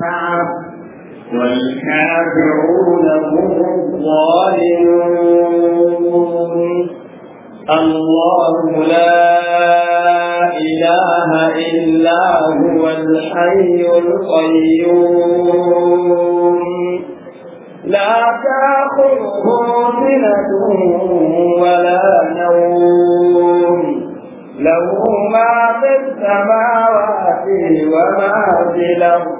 والكافرون هم الظالمون الله لا إله إلا هو الحي القيوم لا تأخذه سنة ولا نوم له ما في السماوات وما في الأرض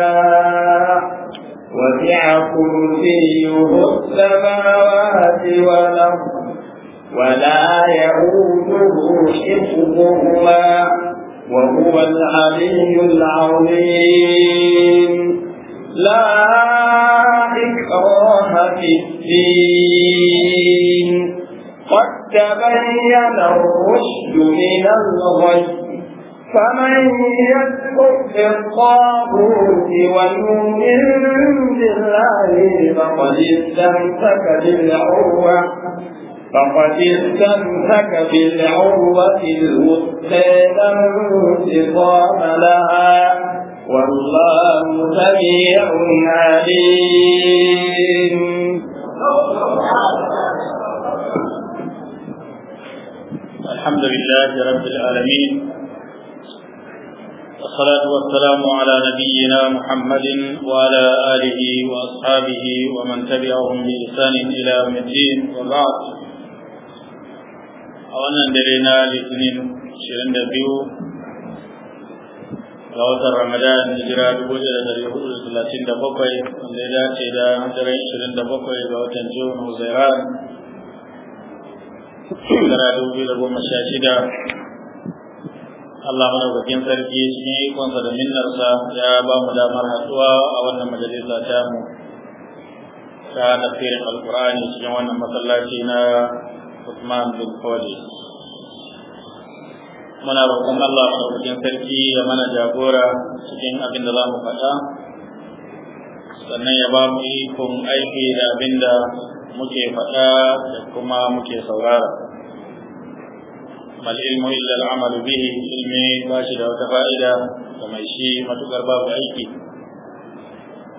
وسع كرسيه السماوات والأرض ولا يئوده حفظهما وهو العلي العظيم لا إكراه في الدين قد تبين الرشد من الغي فمن يكفر بالطاغوت ويؤمن بالله فقد استمسك بالعروة فقد استمسك بالعروة الوثقى لا لها والله سميع عليم الحمد لله رب العالمين والصلاة والسلام على نبينا محمد وعلى آله وأصحابه ومن تبعهم بإحسان إلى يوم الدين وبعد أولا درينا لاثنين شرين دبيو لوطة رمضان نجرى بوجة دريهود ثلاثين دبوكي والليلة تيدا درين شرين دبوكي لوطة جون وزيران درى دوبي لبو مشاشدة Allah madaukakin sarki cikin ikonsa da minnarsa ya ba mu damar hatsuwa a wannan majalisa ta mu ta tafsirin alkur'ani cikin wannan masallaci na Usman bin Fodi muna roƙon Allah madaukakin sarki ya mana jagora cikin abin da za mu faɗa sannan ya ba mu ikon aiki da abin da muke faɗa da kuma muke saurara mal ilmu illa al'amalu bihi ilmi ba da wata fa'ida da shi matukar babu aiki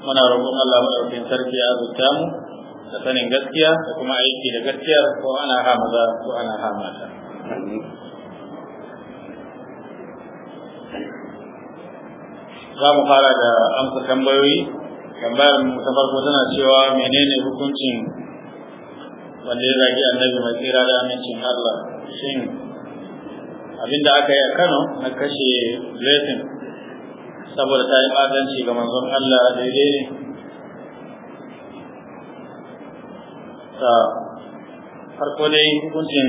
muna roƙon Allah madaukakin sarki ya azurta da sanin gaskiya aiki da ko ana maza ko mata za mu fara da amsa tambayoyi tambayar mu ta farko tana cewa menene hukuncin wanda ya zagi annabi mai tsira da amincin Allah shin abinda aka yi a Kano na kashe Blessing saboda ta yi adalci ga manzon Allah daidai ne ta farko dai hukuncin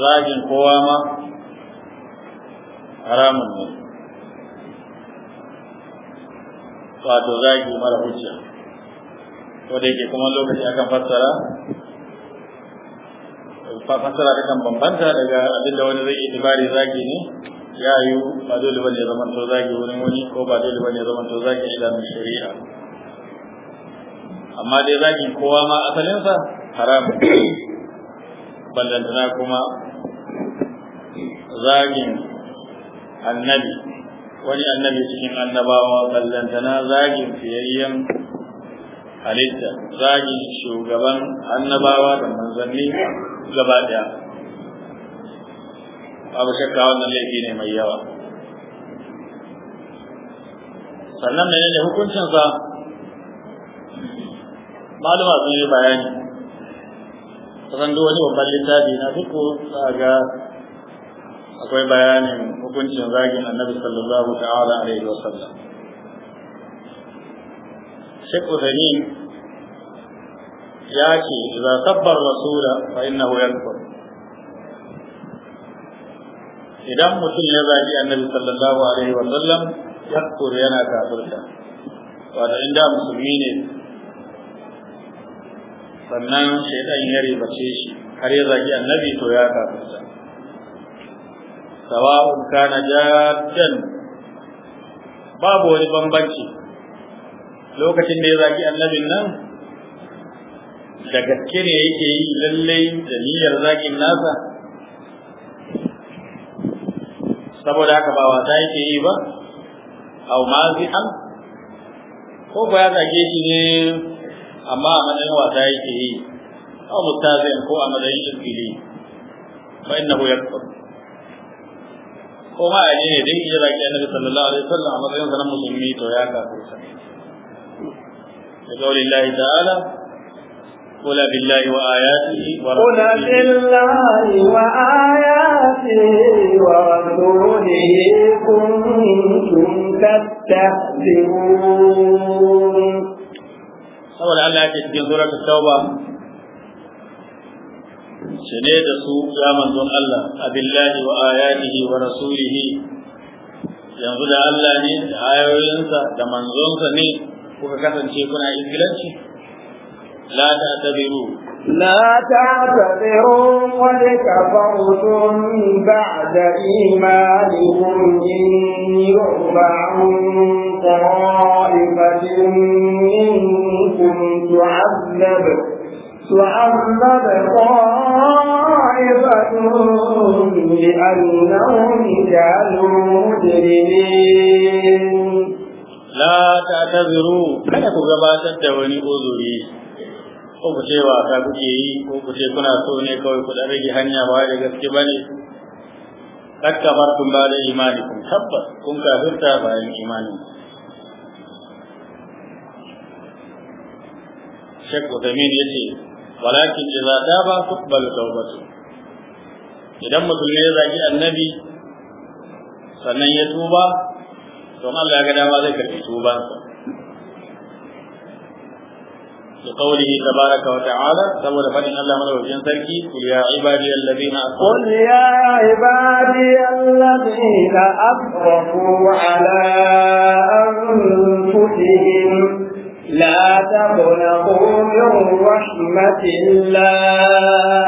zagin kowa ma haramun ne wato zagi mara hujja ko yake kuma lokaci akan fassara fasara ta kan bambanta daga abin da wani zai yi tibari zagi ne ya yi ba dole bane zaman to zagi wurin wani ko ba dole bane zaman to zagi idanun shari'a amma dai zagi kowa ma asalinsa haram ballantana kuma zagin annabi wani annabi cikin annabawa ballantana zagin fiyayyen halitta zagin shugaban annabawa da manzanni gaba daya babu shakka wannan laifi ne mai yawa sannan menene hukuncinsa malama sun yi bayani kusan duk wani babban littafi na duk za ga akwai bayanin hukuncin zagin annabi sallallahu ta'ala alaihi wa sallam Sheikh Uthaymeen ya ce idza sabbar rasula fa innahu yakfur idan mutum ya zagi annabi sallallahu alaihi wa sallam yakfur yana kafirta wato inda musulmi ne sannan shaidan ya ribace shi har ya zagi annabi to ya kafirta sawa'un kana jaddan babu wani bambanci lokacin da ya zagi annabin nan da gaske ne yake yi lallai da niyyar zakin nasa saboda haka ba wata yake yi ba au an ko ba ya zage shi ne amma a matsayin wata yake yi au mustazin ko a matsayin shirkili fa ya yakfur ko ma a ne dai ya zage annabi sallallahu alaihi wasallam a matsayin sa musulmi to ya kafirta da kaulin Allah ta'ala قل بالله وآياته قل بالله وآياته ورسوله كنتم تستهزئون saboda Allah yake cikin surat tauba shine da su ya manzon Allah abillahi wa ayatihi wa rasulihi yanzu da Allah ne da ayoyinsa da manzonsa ne kuka kasance kuna ingilanci لا تعتذروا لا تعتذروا قد كفرتم بعد إيمانكم إن يرفع عن طائفة منكم تعذب تعذب طائفة لأنهم كانوا مجرمين لا تعتذروا كان gabatar da wani uzuri ko ku ce wasa kuke yi ko ku ce kuna so ne kawai ku rage hanya ba da gaske ba ne kad kafartum ba da imani kun tabbas kun kafirta bayan imanin Sheikh Uthamin ya ce walakin idza taba bal tawbatu idan mutum ne ya zagi annabi sannan ya tuba to Allah ya ga dama zai karbi tubansa لقوله تبارك وتعالى سبب فإن الله مدعو في سركي قل يا عبادي الذين أسرفوا قل يا عبادي الذين أسرفوا على أنفسهم لا تقنطوا من رحمة الله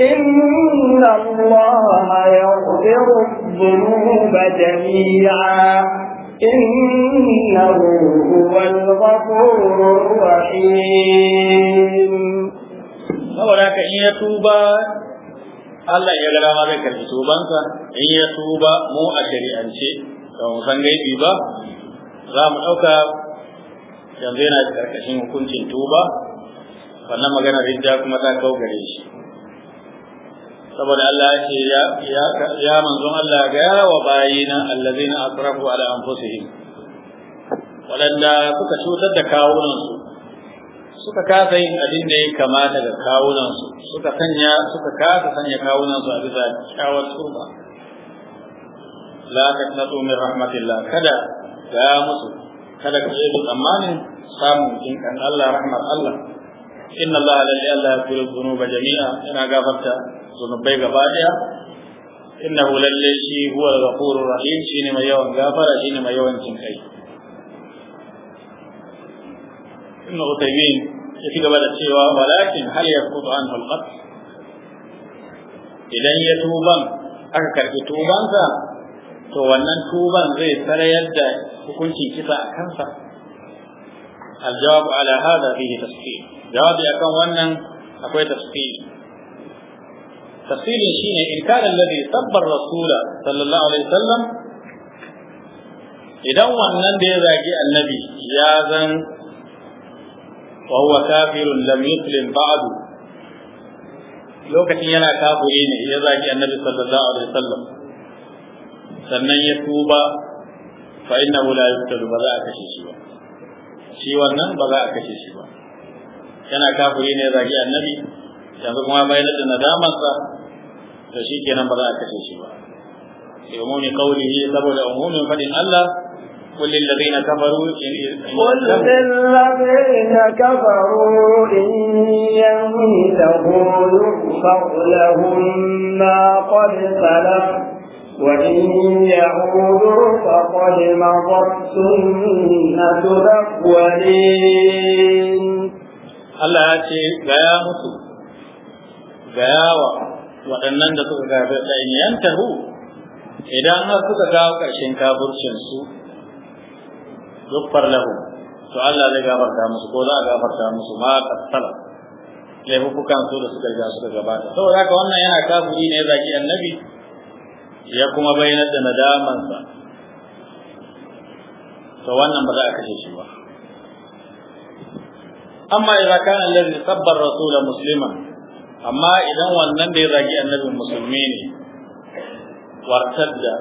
إن الله يغفر الذنوب جميعا إنه هو الغفور الرحيم saboda ka in ya tuba Allah ya gara ma zai karbi tubansa in ya tuba mu a shari'ance da mu san gaibi ba za mu ɗauka yanzu yana karkashin hukuncin tuba wannan magana rinja kuma ta kau gare shi saboda Allah ya ce ya ya manzon Allah ga yawa bayina allazina asrafu ala anfusihim waɗanda suka cutar da kawunansu, suka kasa yin abin da ya kamata ga kawunansu, suka sanya suka kasa sanya kawunansu a bisa kyawar turba la taqnatu min rahmatillah kada ga musu kada ka yi tsammanin samun jinkan Allah rahmar Allah inna Allah la ilaha illa huwa jami'a ina gafarta zunubai gaba daya innahu lalle shi huwa al-ghafurur rahim shine mai yawan gafara shine mai yawan jinkai ibn utaymin ya ci gaba da cewa walakin hal yakutu anhu al-qatl idan ya tuban aka karbi tubansa to wannan tuban zai sarayar da hukuncin kisa a kansa الجواب على هذا فيه تفصيل جوابي akan wannan akwai tafsiri tafsirin shine inkarin ladhi sabbar rasula sallallahu alaihi wasallam idan wannan da ya zagi annabi ya zan wa huwa kafirun lam yuslim ba'du lokacin yana kafiri ne ya zagi annabi sallallahu alaihi wasallam sannan ya tuba fa innahu la yuqtalu ba za a kashe shi ba shi wannan ba za a kashe shi ba yana kafiri ne ya zagi annabi yanzu kuma bayyana da nadamarsa to shi kenan ba za a kashe shi ba bi umumi qawlihi saboda umumin fadin Allah قل للذين كفروا قل للذين كفروا إن يغفر لهم ما قد سلف وإن يعودوا فقد مضت سنة الأولين gaya gayawa waɗannan da suka gafe da in hu? idan har suka gawo ƙarshen kafircin su yughfar lahu to Allah zai gafarta musu ko za a gafarta musu ma kasala laifukan su da suka riga suka gabata saboda haka wannan yana kafiri ne zaki annabi ya kuma bayyana da nadamansa to wannan ba za a kashe shi ba amma idan kana allazi rasu rasula musliman amma idan wannan da ya zagi annabin musulmi ne wartar da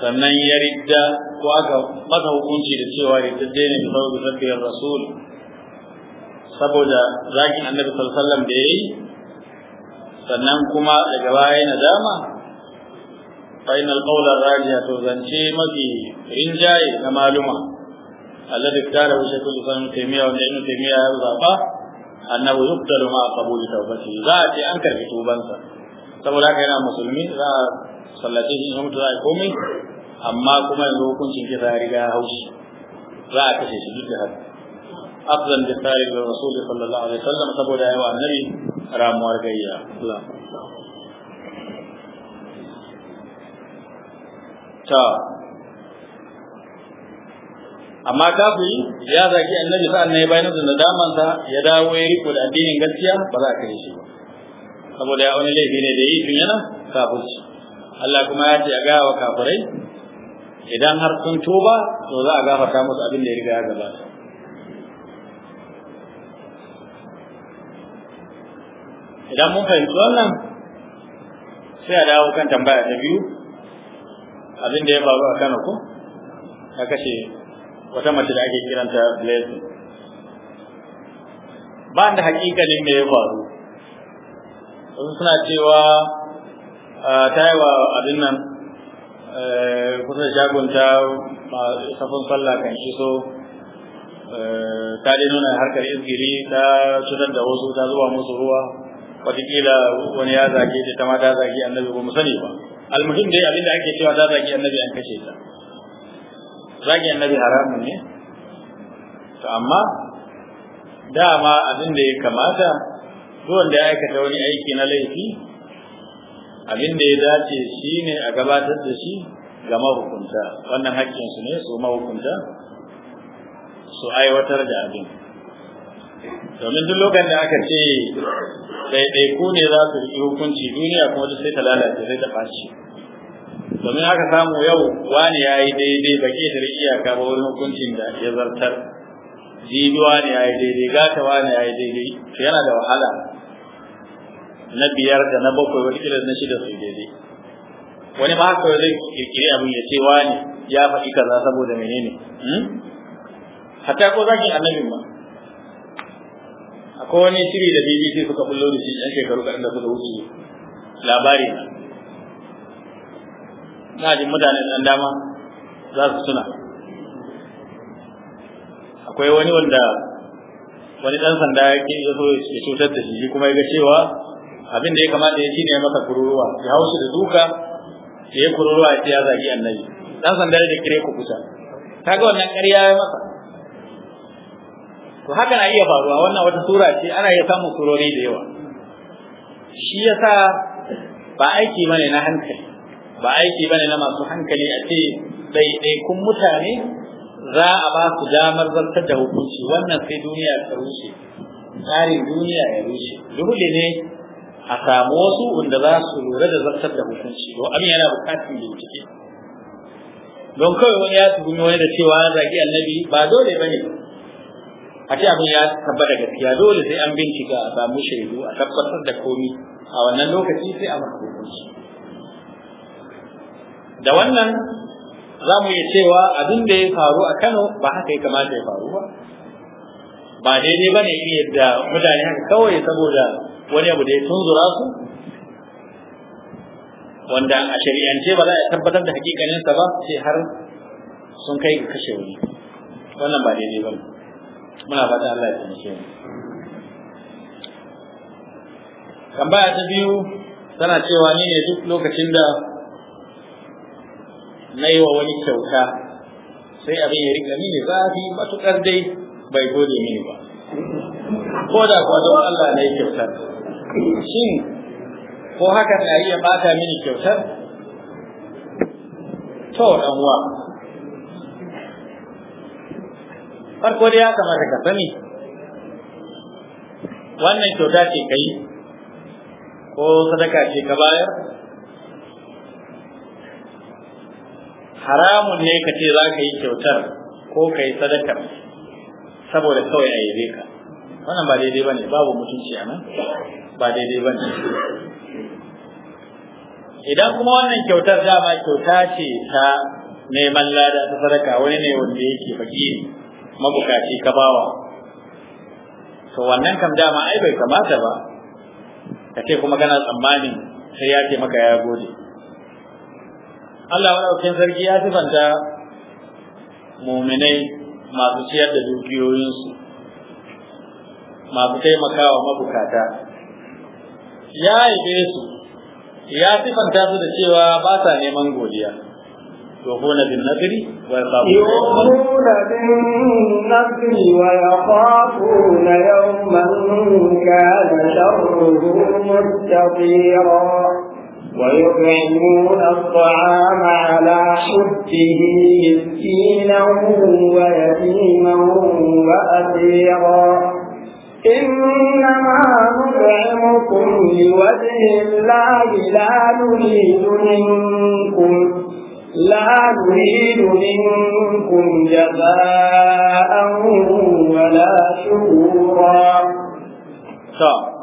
sannan ya ridda ko aka masa hukunci da cewa ya tadde ne da saboda tafiyar rasul saboda zagin annabi sallallahu da yi, sannan kuma daga baya na dama fain alqawla rajiya to zance mafi rinjaye na maluma alladhi tara wa shaykhul islam taymiya wa ibn taymiya ya zaba annahu yuqtalu ma qabul tawbati za a ce an karbi tubansa saboda haka yana musulmi za a sallace shi in mutu za komai amma kuma yanzu hukuncin kisa ya riga ya haushi za a kashe shi duk da haka afzal bi tariq da rasul sallallahu alaihi wasallam saboda yawa annabi ramuwar gayya ta amma kafiri ya zaki annabi sa'an nan ya bayyana da sa, ya dawo ya riko da addinin gaskiya ba za a kai shi ba saboda ya wani laifi ne da yi tun yana kafirci Allah kuma ya ce a gaya wa kafirai idan har sun tuba to za a gafarta musu abin da ya riga ya gabata idan mun fahimci wannan sai a dawo kan tambaya ta biyu abin da ya faru a Kano ko aka kashe. wata mace da ake kiranta blessing ba da hakikalin me ya faru wasu suna cewa ta yi wa abin nan kusa da shagonta safin sallah kan so ta dai nuna harkar izgiri ta cutar da wasu ta zuwa musu ruwa watakila wani ya zage ta ma ta zage annabi ba mu sani ba almuhim dai abin da ake cewa ta zage annabi an kashe ta zagi annabi haramun ne to amma dama abin da ya kamata duwan da ya aikata wani aiki na laifi abin da ya dace shi ne a gabatar da shi ga mahukunta wannan haƙƙinsu ne su mahukunta su aiwatar da abin domin duk lokacin da aka ce ɗaiɗaiku ne za su yi hukunci duniya kuma duk sai ta lalace sai ta fashi domin haka samu yau wani ya yi daidai ba ke da iyaka ba wani hukuncin da ya zartar jibi wani ya yi daidai gata wani ya yi daidai to yana da wahala na biyar da na bakwai wani kila na shida su daidai wani ba haka zai kirkiri abin ya ce wani ya faɗi kaza saboda menene hmm? hatta ko zakin annabin ma akwai wani shiri da BBC suka bullo da shi yan shekaru kaɗan da suka wuce labari na na jin mutane ɗan dama za su suna akwai wani wanda wani ɗan sanda ya ke ya ya cutar da shi kuma ya ga cewa abin da ya kamata ya shine ya masa kururuwa ya shi da duka ya yi kururuwa ya ce ya zagi annabi ɗan sanda da kire ku kusa kaga wannan ƙarya ya masa to haka na iya faruwa wannan wata sura ce ana iya samun kurori da yawa shi yasa ba aiki mane na hankali ba aiki bane na masu hankali a ce ɗaiɗaikun mutane za a ba su damar zartar da hukunci wannan sai duniya ta rushe tsarin duniya ya rushe dole ne a samu wasu wanda za su lura da zartar da hukunci don amin yana bukatun bincike don kawai wani ya tuhumi wani da cewa an zagi annabi ba dole ba ne a ce abin ya tabbata gaskiya dole sai an bincika a samu shaidu a tabbatar da komi a wannan lokaci sai a maka hukunci da wannan za mu iya cewa abin da ya faru a Kano ba haka ya kamata ya faru ba ba daidai ba ne yadda mutane haka kawai saboda wani abu da ya tunzura su wanda a shari'ance ba za a tabbatar da hakikaninsa ba sai har sun kai ga kashe wani wannan ba daidai ba muna fata Allah ya taimake mu tambaya ta biyu tana cewa ni ne duk lokacin da na yi wa wani kyauta sai abin ya rika mini zafi matukar dai bai gode mini ba ko da kuwa don Allah na yi kyautar shin ko haka na iya bata mini kyautar to dan uwa farko dai ya kamata ka sani wannan kyauta ce kai ko sadaka ce ka bayar haramun ne ka ce za ka yi kyautar ko ka yi sadakar saboda kawai a yabe ka wannan ba daidai ba ne babu mutunci a nan ba daidai ba ne idan kuma wannan kyautar dama kyauta ce ta neman lada ta sadaka wani ne wanda yake baki mabukaci ka bawa to wannan kam dama ai bai kamata ba ka ce kuma kana tsammanin sai ya ce maka ya gode Allah madaukakin sarki ya sifanta muminai masu ciyar da dukiyoyinsu masu taimakawa mabukata ya haife su ya sifanta su da cewa ba sa neman godiya يوفون بالنذر ويخافون يوما كان شره مستطيرا ويطعمون الطعام على حبه مسكينا ويتيما وأسيرا إنما نطعمكم لوجه الله لا نريد منكم لا نريد منكم جزاء ولا شكورا طيب.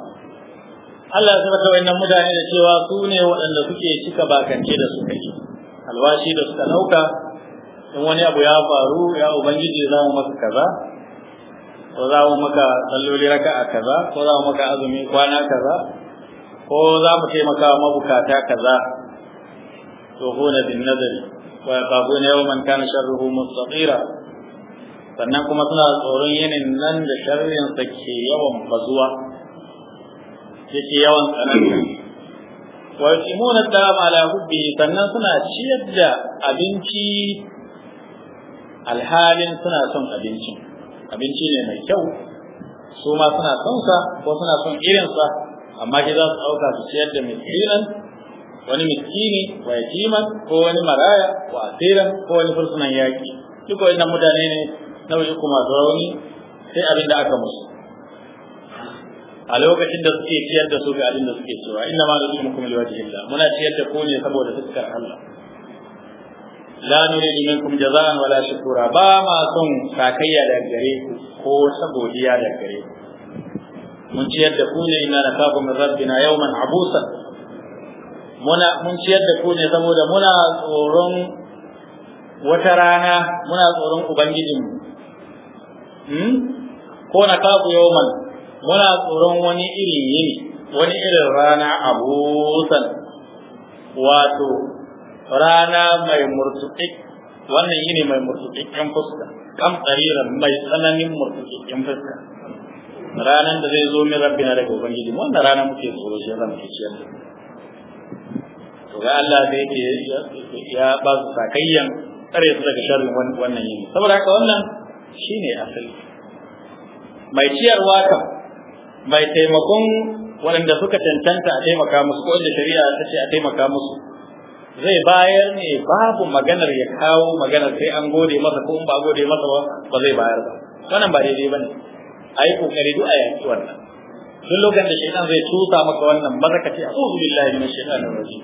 Allah ya saka wayannan mutane da cewa su ne waɗanda suke cika bakance da suka yi alwashi da suka nauka. in wani abu ya faru ya ubangiji za mu maka kaza ko za mu maka salloli raka a kaza ko za mu maka azumi kwana kaza ko za mu taimaka mabukata kaza to hona bin nazari wa yaqabuna yawman kana sharruhu mustaqira sannan kuma suna tsoron yinin nan da sharrin sake ke yawan bazuwa yake yawan tsananta wa yutimuna ta'am ala hubbi sannan suna ciyar da abinci alhalin suna son abinci abinci ne mai kyau su ma suna son sa ko suna son irin sa amma ki za su dauka su ciyar da miskinan wani miskini wa yatiman ko wani maraya wa asiran ko wani fursunan yaki duk wannan mutane ne nau'i kuma rauni sai abin da aka musu a lokacin da suke ciyar da su ga abin da suke cewa inna ma nusimukum liwajhillah muna ciyar da ku ne saboda fuskar Allah la nuridu minkum jazaan wala shukura ba ma son sakayya da gare ku ko sabodiya da gare ku mun ciyar da ku ne inna nakafu min rabbina yawman abusa muna mun ciyar da ku ne saboda muna tsoron wata rana muna tsoron ubangijinmu hmm? ko nakafu yawman muna tsoron wani irin yini wani irin rana busan wato rana mai murtuƙi wannan yini mai murtuƙiƙƙen fuska kan tsariran mai tsananin murtuƙiƙƙen fuska ranan da zai zo min rabbi na daga ubangiji wannan rana muke tsoro shi zan ke ciyar to ga Allah da yake ya ba su sakayyan tsare su daga sharrin wannan yini saboda haka wannan shine asali mai ciyarwa kan mai taimakon waɗanda suka cancanta a taimaka musu ko inda shari'a ta ce a taimaka musu zai bayar ne babu maganar ya kawo maganar sai an gode masa ko in ba gode masa ba ba zai bayar ba wannan ba daidai bane a yi kokari duk a yaki wannan duk lokacin da shaitan zai tusa maka wannan maza ka ce tsohu billahi minash shaitanir rajim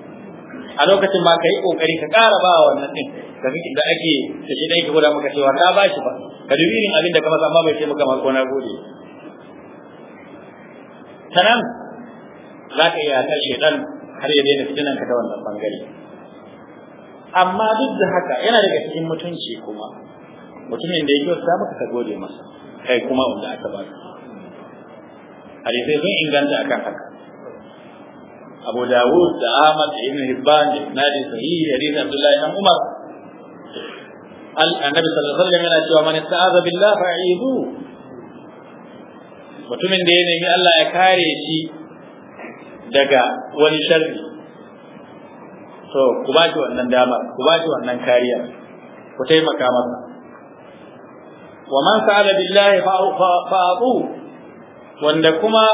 a lokacin ka kai kokari ka ƙara ba wannan din ka kike da ake da shi dai ka gura maka cewa ka ba shi ba ka dubi irin abin da ka masa amma bai taimaka maka ko na gode Tanan za ka iya ta shaidan har ya daina fitinan ka ta wannan bangare amma duk da haka yana daga cikin mutunci kuma mutumin da ya sa maka ka gode masa kai kuma wanda aka ba ka hadisai sun inganta akan haka Abu Dawud da Ahmad da Ibn Hibban da Isnadi Sahih da Hadith Abdullah ibn Umar Al-Annabi sallallahu alaihi wasallam yana cewa man ista'aza billahi fa'idu mutumin da ya nemi Allah ya kare shi daga wani sharri to ku ba shi wannan dama ku ba shi wannan kariya ku taimaka masa wa man sa'ala billahi fa'atu wanda kuma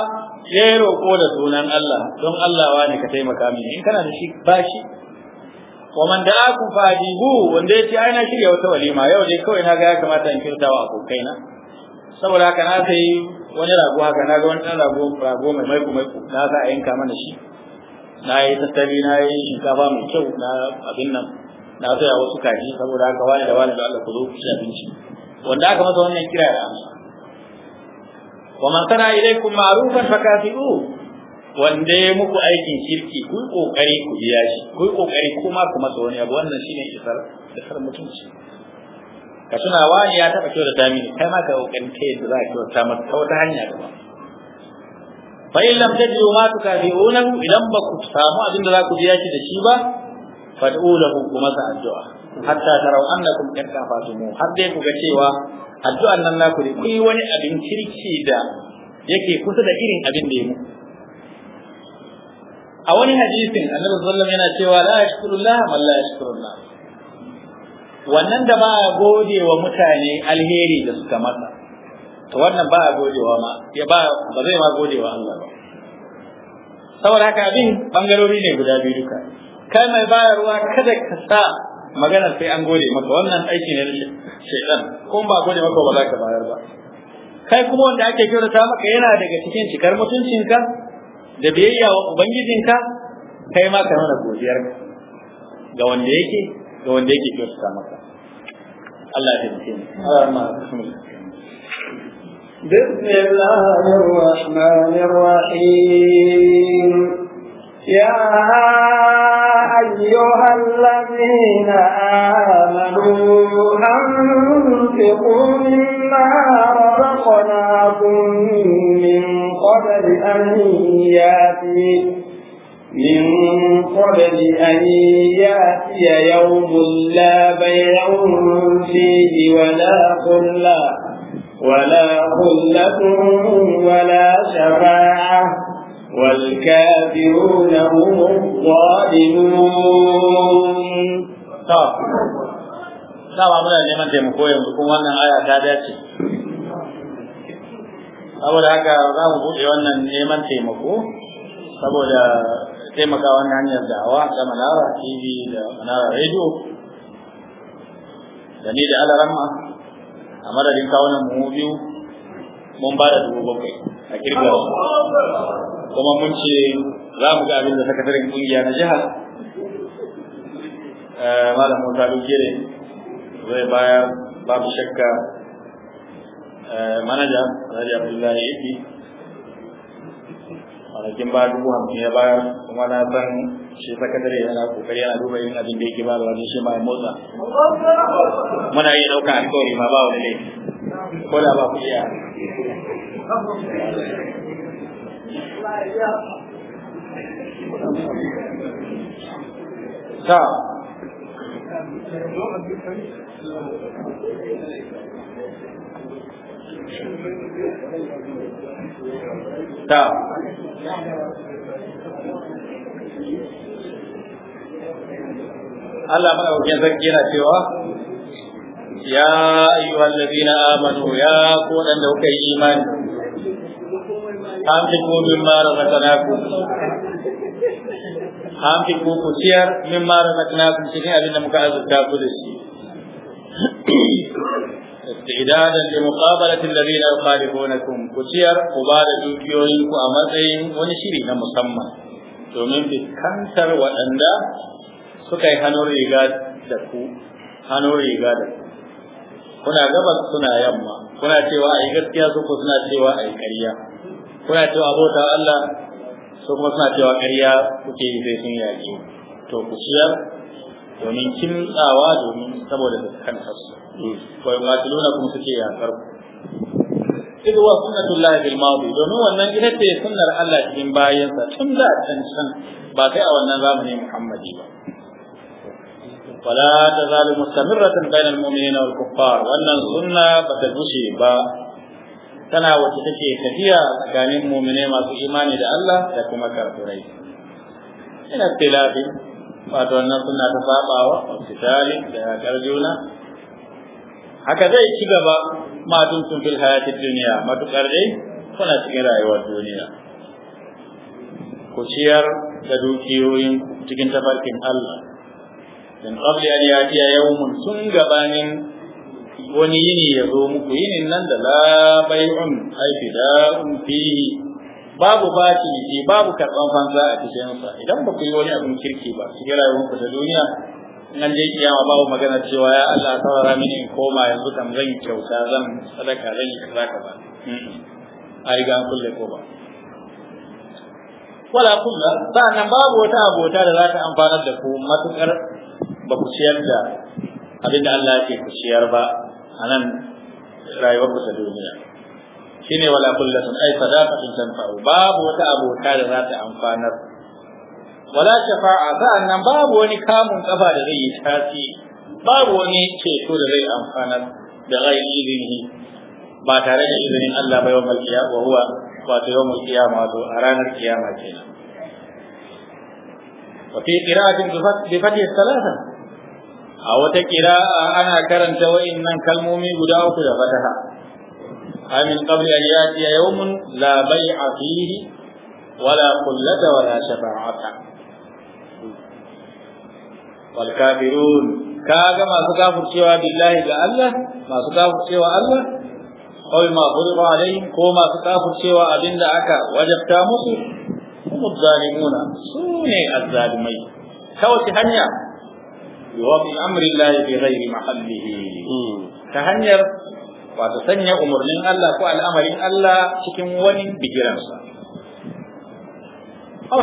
ya roko da sunan Allah don Allah wa ne ka taimaka mini in kana da shi ba shi wa man da aku fajibu wanda ya ce ai na shirya wata walima yau dai kawai na ga ya kamata in kirta wa abokaina saboda haka na sai wani rago haka na ga wani ɗan rago rago mai maiko na za a yanka mana shi na yi tattali na yi shinkafa mai kyau na abin nan na saya wasu kaji saboda haka wani da wani da Allah ku zo ku ci abinci wanda aka masa wannan kira da amsa wa man sana ilaikum ma'rufan fakafi'u wanda ya muku aikin kirki ku kokari ku biya shi ku kokari kuma ku masa wani abu wannan shine isar isar mutunci ka suna wani ya taɓa da mini kai ma ka kokarin ta yadda za ka ta masu ta wata hanya gaba fa in lam tajidu ma tukafi'unahu idan ba ku samu abin da za ku biya shi da shi ba da ula ku masa addu'a hatta taraw annakum qad kafatumu har dai ku ga cewa addu'an nan na dai kun yi wani abin kirki da yake kusa da irin abin da ya a wani hadisin annabi sallallahu alaihi wasallam yana cewa la yashkurullah man la yashkurullah wannan da ba a gode wa mutane alheri da suka masa to wannan ba a gode wa ma ya ba ba zai ma gode wa Allah ba saboda haka abin bangarori ne guda biyu duka kai mai bayarwa kada ka sa magana sai an gode maka wannan aiki ne na shaitan ko ba gode maka ba za ka bayar ba kai kuma wanda ake kyautata maka yana daga cikin cikar mutuncinka da biyayya wa ubangijinka kai ma ka nuna godiyarka ga wanda yake ga wanda yake kyautata maka Allah ya taimake mu بسم الله الرحمن الرحيم يا أيها الذين آمنوا أنفقوا مما رزقناكم من قبل أن يأتي من قبل أن يأتي يوم لا بيع فيه ولا خلا ولا خلة ولا شفاعة والكافرون هم الظالمون dama muna neman taimako yanzu kuma wannan aya ta dace saboda haka za mu buɗe wannan neman taimako saboda taimaka wannan hanyar da'awa ta manara tv da manara radio da ni da al'arama, a madadin kawunan mu biyu mun ba da dubu bakwai a kirga kuma mun ce za mu ga abin da sakataren kungiya na jihar eh, malam musa dukire zai bayar babu shakka eh, manaja alhaji abdullahi yake kwanakin ba dubu hamsin ya bayar kuma na san shi sakadare yana kokari yana duba yin abin da yake ba da wani shi ma motsa muna iya ɗauka alkawari ma ba wani laifi ko da ba ku iya ta ta Allah madaukakin sarki yana cewa ya ayyuhal ladina amanu ya ku da kuka yi imani amfiku mimma razaqnakum amfiku ku min mara mimma razaqnakum cikin abin da muka azurta ku da shi استعدادا لمقابلة الذين يخالفونكم كتير قبال دوكيوين كأمتين ونشرين مسمى domin fuskantar waɗanda suka yi hannun riga da ku hannun riga da ku kuna gabas suna yamma kuna cewa a yi gaskiya su suna cewa a yi ƙarya kuna cewa abota Allah su kuma suna cewa ƙarya kuke yi sai yaƙi to ku ciyar domin kimtsawa domin saboda fuskantar su kawai masu nuna kuma suke yakar ido wa sunnatul lahi bil madi domin wannan ita ce sunnar Allah cikin bayansa tun da can can ba kai a wannan zamani Muhammadi ba wala tazalu mustamirratan bayna al mu'minina wal kuffar wannan sunna ba ta gushe ba tana wacce take tafiya tsakanin mu'mine masu imani da Allah da kuma kafirai ina tilabi wato wannan sunna ta saba wa da juna. haka zai ci gaba ma dumtum fil duniya, dunya matukar dai kuna cikin rayuwar duniya ku ciyar da dukiyoyin cikin tafarkin Allah dan qabli an yati yawmun sun gabanin wani yini ya zo muku yinin nan da la bay'un ay fida'un fihi babu baki babu karban fansa a cikin sa idan ba ku yi wani abin kirki ba cikin rayuwar ku ta duniya nan dai kiyama babu magana cewa ya Allah saurara mini koma yanzu kam zan kyauta zan sadaka zan yi kaza kaza hmm. a riga an kulle ko ba wala kulla nan babu wata abota da za ta amfanar da ku matukar ba ku ciyar da abin da Allah yake ku ciyar ba a nan rayuwar ku ta duniya shine wala kullatun ai sadaqatun tanfa'u babu wata abota da za ta amfanar wala shafa'a nan. babu wani kamun kafa da zai yi tasiri babu wani ceto da zai amfana da rai izini ba tare da izinin Allah ba yawmal qiyamah wa huwa wato yawmal qiyamah to a ranar kiyama kenan wa fi qira'atin bi fathi salasa a wata qira'a ana karanta wa'innan kalmomi guda uku da fataha amin qabli an yati yawmun la bai'a fihi wala qullata wala shafa'ata wal kafirun kaga masu kafircewa billahi ga Allah masu kafircewa Allah kawai ma furiba alaihim ko masu kafircewa abinda aka wajabta musu kuma zalimuna su ne azzalimai ta wace hanya biwabi amri Allah bi ghairi mahallihi hmm. ta hanyar wato sanya umarnin Allah ko al'amarin Allah cikin wani bigiransa. Aw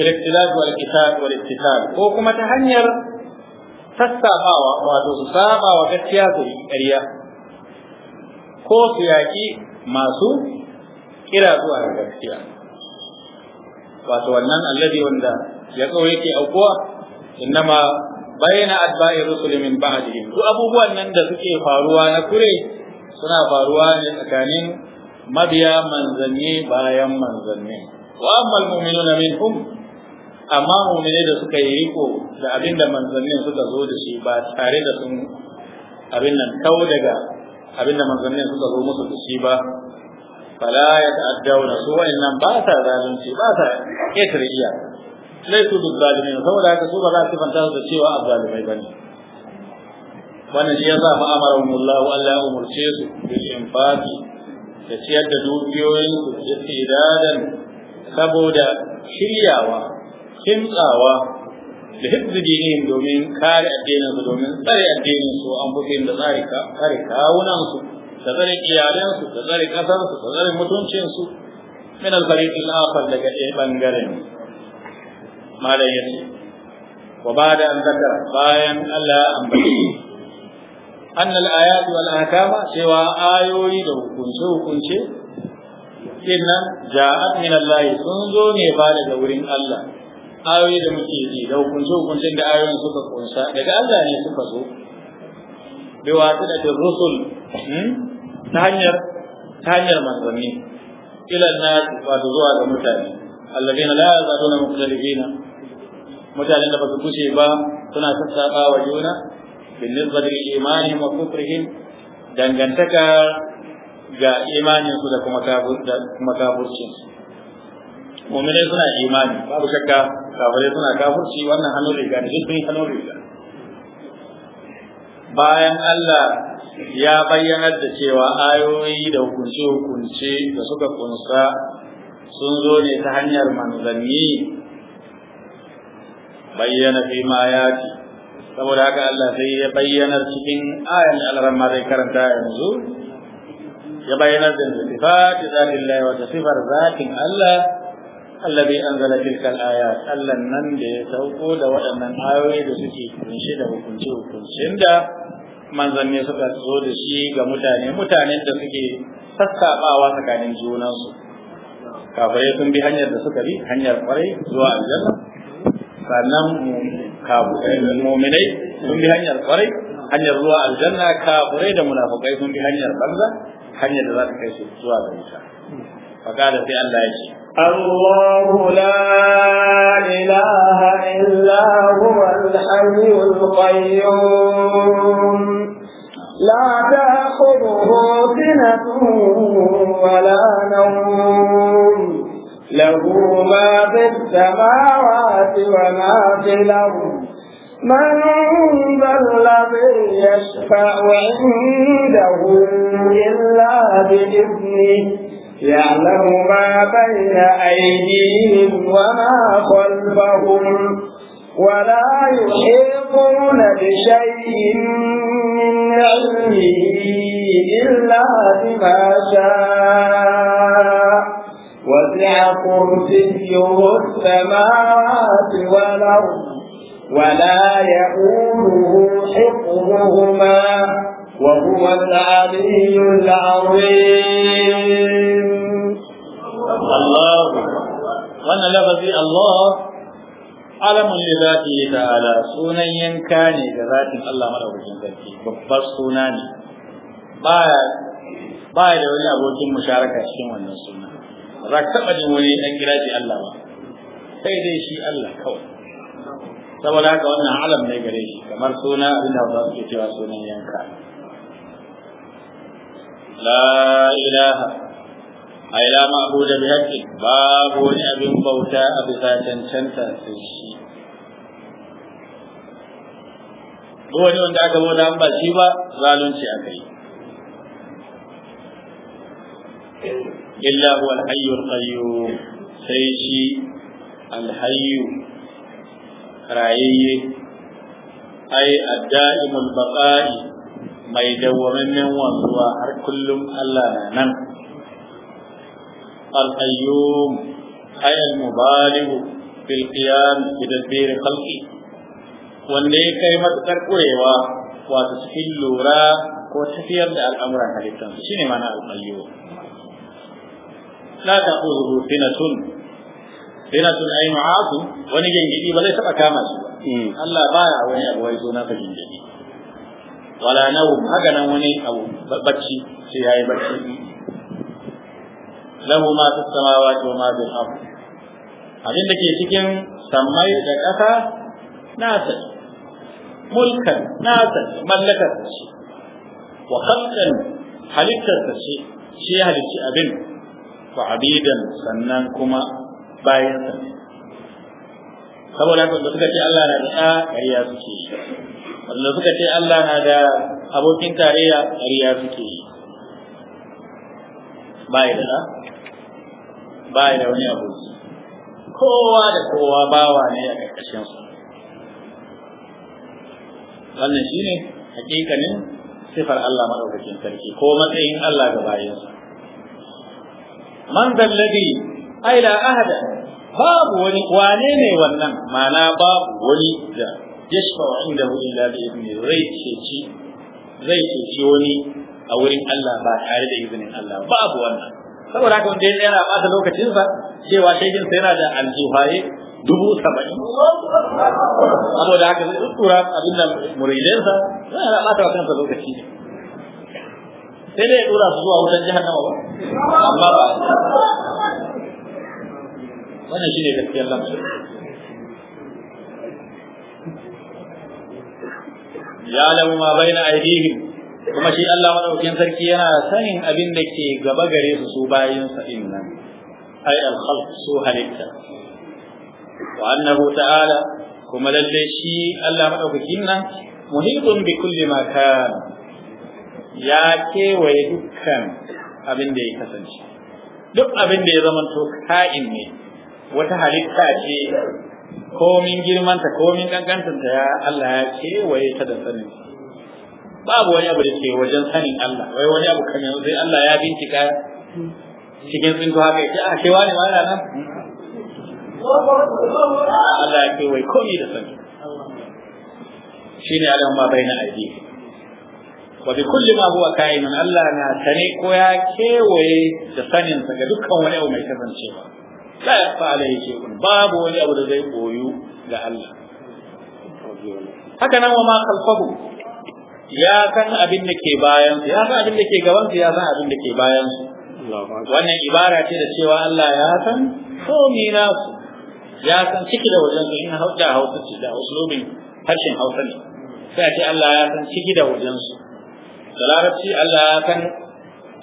الاختلاف والكتاب ko kuma ta hanyar sassafawa wato su saba wa gaskiya su yi ƙarya ko su yaƙi masu kira zuwa gaskiya wato wannan allazi wanda ya tsawo yake aukuwa innama bayyana adba'i rusuli min ba'dihim duk abubuwan nan da suke faruwa na kure suna faruwa ne tsakanin mabiya manzanni bayan manzanni wa amma al-mu'minuna minhum amma mu'mine da suka yi ko da abin da manzannin suka zo da shi ba tare da sun abin nan kawo daga abin da manzannin suka zo musu da shi ba fala ya ta'addauna su nan ba sa zalunci ba sa ƙetare iya su duk zalimin saboda haka su ba za su fanta da cewa ba bane wannan shi yasa ma'amarahum Allah Allah ya umurce su bil infaqi da ciyar da dukiyoyin su tsidadan saboda shiryawa kimtsawa da hibzu dinihim domin kare addininsu domin tsare addininsu an fi da tsare kare kawunansu da tsare iyalansu da tsare kasarsu da tsare mutuncinsu min alfariq al-akhar daga ɗaya bangaren malam yace wa ba'da an zakara bayan Allah ambaci anna al-ayat wal ahkama cewa ayoyi da hukunce hukunce kinnan ja'at min Allah sun zo ne ba daga wurin Allah ayoyi da muke ji da hukunce hukuncin da ayoyin suka kunsa daga Allah ne suka zo bi wasu da rusul hmm? ta hanyar ta hanyar manzanni ila nas wato zuwa ga mutane alladina la yazaluna mukhtalifina mutanen da ba su kushe ba suna sassaɓa wa juna bin nisbati imanin wa kufrihim dangantaka ga imaninsu da kuma kaburcinsu mu'minai suna imani babu shakka kafirai suna kafirci wannan hannun riga ne duk sun hannun riga bayan Allah ya bayyanar da cewa ayoyi da hukunce-hukunce da suka kunsa sun zo ne ta hanyar manzanni bayyana fi ma saboda haka Allah sai ya bayyana cikin ayan alaran ma zai karanta yanzu ya bayyana da sifati zatillahi wa sifar zakin Allah الذي أنزل تلك الآيات ألا nan da ya sauko da waɗannan سكي da suke وكنشي وكنشي دا من da سكا suka zo da متاني ga mutane سكي سكا suke sassaɓawa tsakanin junansu. kafirai sun bi hanyar da suka bi hanyar kwarai zuwa aljanna sannan kafirai muminai sun bi hanyar kwarai hanyar zuwa aljanna kafirai da munafukai sun bi hanyar banza hanyar da za ta kai su zuwa ga فقال في الله يجي الله لا إله إلا هو الحي القيوم لا تأخذه سنة ولا نوم له ما في السماوات وما في الأرض من ذا الذي يشفع عنده إلا بإذنه يعلم ما بين أيديهم وما خلفهم ولا يحيطون بشيء من علمه إلا بما شاء وسع كرسيه السماوات والأرض ولا يؤوله حفظهما وهو العلي العظيم الله wannan lafazi Allah alamun ta yi ta'ala sunan yanka ne ga zatin Allah madaukakin sarki babbar suna ne ba ya da wani abokin musharaka cikin wannan suna za ka taɓa jin wani dan kira shi Allah ba sai dai shi Allah kawai saboda haka wannan alam ne gare shi kamar suna abin ba su ke cewa sunan yanka لا إله ai la ma'budu bi haqqi babu wani abin bauta a bisa cancanta sai shi duk wani wanda aka bauta an ba shi ba zalunci aka yi illa huwa al-hayyul qayyum sai shi al-hayyu rayayye ai ad-da'imul baqa'i mai dawwamammen wanzuwa har kullum Allah na nan al-qayyum ay al-mubalig bil qiyam bi tadbir khalqi wanda ya kai matukar kurewa wato cikin lura ko tafiyar da al'amuran halittar shine mana al-qayyum la ta'khudhuhu sinatun sinatun ay ma'atu wani gengidi ba zai taba kama shi hmm. Allah baya wani abu wai na ka wala nau haka nan wani abu bacci sai yayi bacci lahu ma fi samawati wa ma fil ard abin da ke cikin samai da ƙasa nasa mulkan nasa mallakar shi wa khalqan halittar shi shi ya halicci abin wa abidan sannan kuma bayan sa saboda haka da suka ce Allah na da ƙarya suke wanda suka ce Allah na da abokin tarayya ƙarya suke yi ba da na ba da wani aboki kowa da kowa bawa ne a ƙarƙashin su wannan shine hakikanin sifar Allah madaukakin sarki ko matsayin Allah ga bayansa man dalladhi ai ahada babu wani wane ne wannan mana babu wani da yashfa inda hu illa bi idni zai ceci zai ceci wani a wurin Allah ba tare da izinin Allah babu wannan saboda haka wanda yana bata lokacinsa cewa shaidin sa yana da aljuhaye dubu saba'in saboda haka zai tsura abin da muridansa yana bata wa kansa lokaci sai dai ya dora su zuwa wutan jahannama ba amma ba wannan shine gaskiyar lamarin ya'lamu ma na aydihim kuma shi Allah madaukakin sarki yana sanin abin da ke gaba gare su su bayan sa din nan ai al khalq su halitta wa annahu ta'ala kuma lalle shi Allah madaukakin nan muhitun bi kulli ma kana ya kewaye dukkan abin da ya kasance duk abin da ya zamanto ka'in ne wata halitta ce komin girmanta komin kankantanta ya Allah ya kewaye ta da sanin babu wani abu da ke wajen sanin Allah wai wani abu kan yanzu sai Allah ya bincika cikin tsinto haka ya ce a ah, kewa ne ma yana nan Allah ya kewaye komi da sanin shine alam ma baina aidi wa bi kulli ma huwa kayyin Allah na sane ko ya kewaye da sanin sa ga dukkan wani abu mai kasancewa la yakhfa alayhi shay'un babu wani abu da zai koyu ga Allah haka nan wa ma khalfahu ya san abin da ke bayan ya san abin da ke gaban ya san abin da ke bayan wannan ibara ce da cewa Allah ya san na su ya san ciki da wajen su ina da hausa ce da uslubin harshen hausa ne sai a ce Allah ya san ciki da wajen su da larabci Allah ya san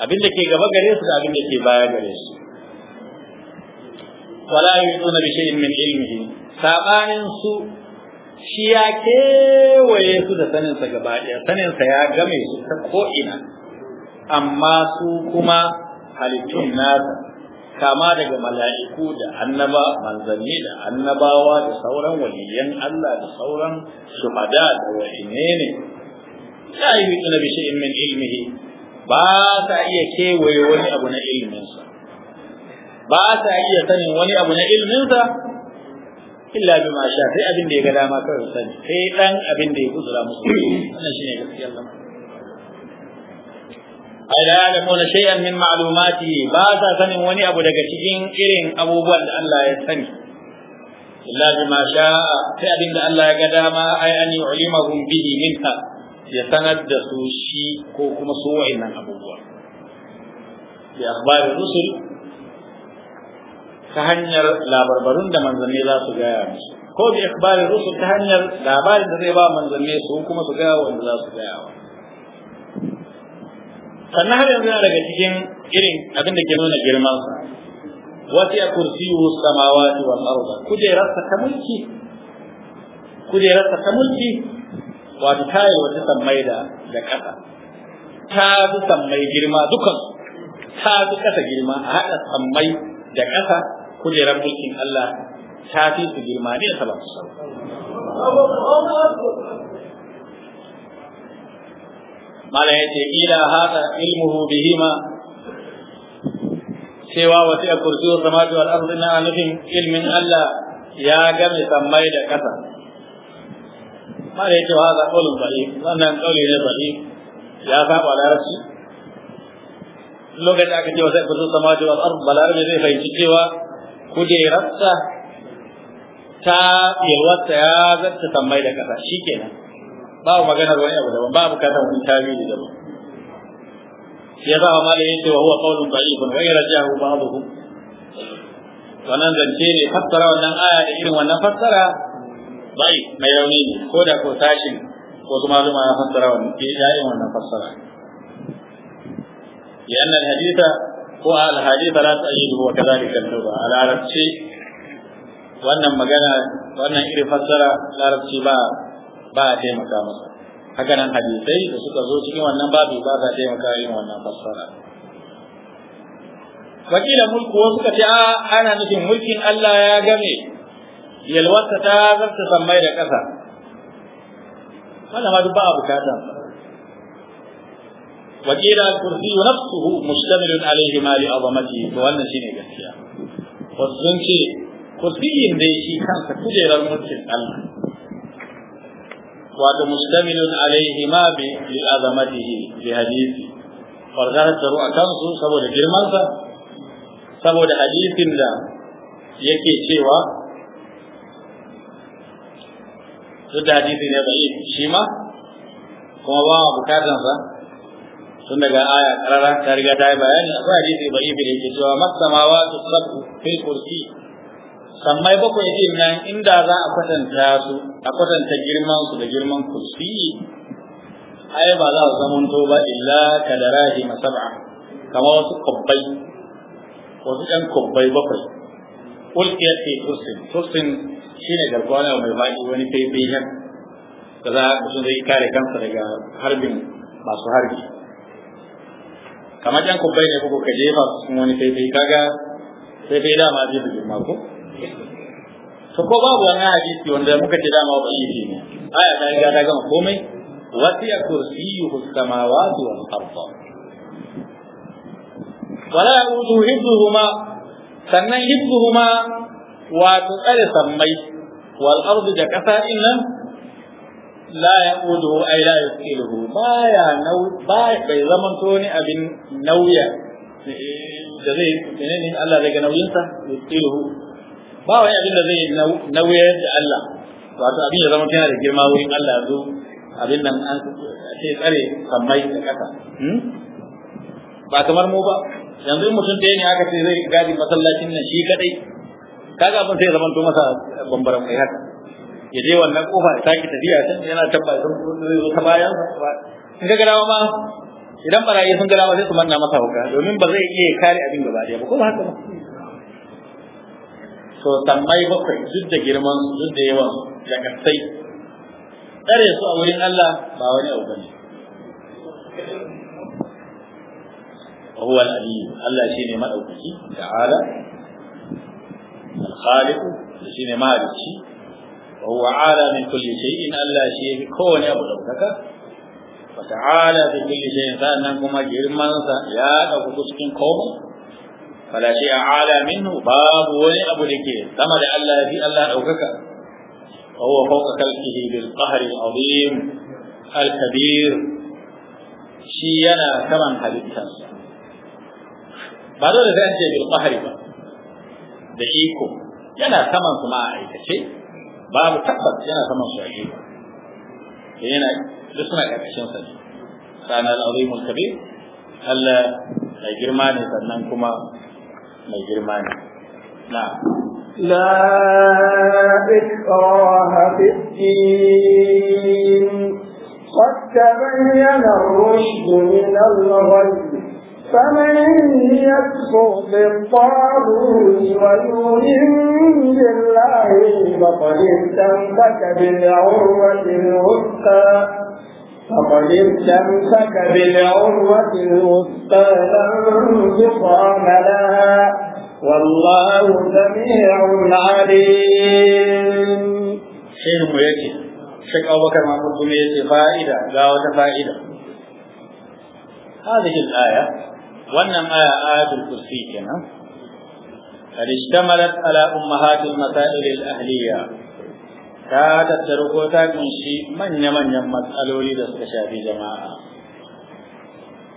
abin da ke gaba gare su da abin da ke baya gare su wala yusuna bi shay'in min ilmihi sabanin shi ya kewaye su da saninsa gaba ɗaya saninsa ya game su ta ko'ina, amma su kuma halittun nasa kama daga mala'iku da annaba manzanni da annabawa da sauran waliyan Allah da sauran shuhada da wa'ine ne la yusuna bi min ilmihi ba ta iya kewaye wani abu na ilminsa ba sa iya sanin wani abu na ilminsa illa bi ma sha sai abin da ya ga dama kawai sani sai dan abin da ya kuzura musu wannan shine gaskiyar lamarin ay la ya'lamuna shay'an min ma'lumati ba sa sanin wani abu daga cikin irin abubuwan da Allah ya sani illa ma sha sai abin da Allah ya ga dama ay an yu'limahum bihi minha ya sanar da su shi ko kuma su wa'annan abubuwa bi akhbari rusul ta hanyar labarbarun da manzanni za su gaya musu ko bi ikbarin rusul ta hanyar labarin da zai ba manzanni su kuma su gaya wanda za su gaya wa sannan har yanzu yana daga cikin irin abin da ke nuna girman sa wasu ya kursiyu wasu samawa, arda kujerarsa ta mulki kujerarsa ta mulki wato ta yi wata sammai da da ƙasa ta fi sammai girma dukkan, ta fi ƙasa girma a haɗa sammai da ƙasa kujerar mulkin Allah ta fi su girma ne ta ba su sau mala ya ce ila hada ilmuhu bihima cewa wata a kursiyar zama da al'arzi na nufin ilmin Allah ya game sammai da ƙasa mala ya ce wa hada ƙaunin ba'i wannan ƙauli ne ba'i ya saba larabci lokacin aka ce wata a kursiyar zama da al'arzi balarabe zai fahimci cewa kujerarsa ta yalwarsa ya zarta tambayi da ƙasa shi kenan babu maganar wani abu daban babu bukatar wani da daban ya za a mala yace wa huwa qawlun da'ifun wa yarjahu ba'dhum wannan zance ne fassara wannan aya da irin wannan fassara bai mai rauni ne ko da ko tashin ko kuma zuma ya fassara wannan ya yi wannan fassara لأن الحديث ko al-hadith la ta'yidu wa kadhalika al-nuba al-arabci wannan magana wannan irin fassara larabci ba ba a taimaka masa haka nan hadisai da suka zo cikin wannan babu ba za taimaka yin wannan fassara wakila mulku wasu suka ce a ana nufin mulkin Allah ya game yalwarsa ta zarta sammai da ƙasa wannan ma duk ba a وقيل الكرسي نفسه مشتمل عليه ما لعظمته wannan shine gaskiya wasu ce kursiyin dai shi kansa kujerar mulkin Allah wato mustamilun alaihi ma bi li'azamatihi bi hadisi fargar da ru'a kansu saboda girmansa saboda hadisin da yake cewa duk da hadisi da kuma bawa bukatansa tun daga aya karara ta riga ta yi bayani a hadisi da ibi da yake cewa masamawa su sabu fil kursi sammai bakwai din nan inda za a kwatanta su a kwatanta girman su da girman kursi ai ba za su to ba illa kadarahi masaba kamar wasu kubbai wasu ɗan kubbai bakwai ulkiyar ce tursin tursin shi ne garkuwa ne mai baƙi wani faifai yan da za a zai kare kansa daga harbin masu harbi kamar yan kubbai ne kuka ka jefa sun wani faifai kaga faifai dama zai da girma ko to ko babu wani hadisi wanda muka ce dama ba yi ne aya ta riga ta gama komai wasiya kursiyuhu samawati wal arda wala yudu hibbuhuma sannan hibbuhuma wato tsare sammai wal ardu da kasa din nan la ya udu ai la yuqiluhu baya nau bai zaman to ne abin nauya da zai menene Allah zai ga nauyinsa yuqiluhu ba wani abin da zai nauyar da Allah wato abin ya zama yana da girma wurin Allah zo abin nan an ce tsare sammai da kasa hmm? ba kamar mu ba yanzu in mutum ɗaya ne aka ce zai gadi masallacin nan shi kadai kaga abin sai zaman masa bambaran kai haka ya je wannan kofa ya sake tafiya can yana tabbatar zo ta bayan in ga garawa ma idan barayi sun garawa sai su manna masa hauka domin ba zai iya kare abin gaba daya ba ko ba haka ba so sammai bakwai duk da girman su duk da yawan su da kasai tsare su a wurin Allah ba wani abu bane وهو العلي الله شيني ما أوكي تعالى الخالق شيني ما أوكي وهو عالى من كل شيء ألا شيء كون أبو دوكك وتعالى في كل شيء فأنكما جرمان يا أبو تسكن كوم فلا شيء عالى منه باب ولي أبو لكي سمد ألا في ألا دوكك وهو فوق خلقه بالقهر العظيم الكبير shi yana saman halittarsa ba dole sai an ce bil qahri ba da iko yana saman su ma a aikace babu tabbas yana saman su ashe yana duk suna ƙarƙashin sa ne kana al'azimul kabir Allah mai girma ne sannan kuma mai girma ne na لا إكراه في الدين قد تبين الرشد من الغي فمن يكفر بالطاغوت ويؤمن بالله فقد استمسك بالعروة الوثقى فقد استمسك بالعروة الوثقى لا انفصام لها والله سميع عليم شيخ يجي شيخ أبو بكر محمود يجي فائدة لا وتفائدة هذه الآية wannan aya ayatul kursi kenan قد اشتملت على أمهات المسائل الأهلية ta tattaro ko ta kunshi manya-manyan matsaloli da suka shafi jama'a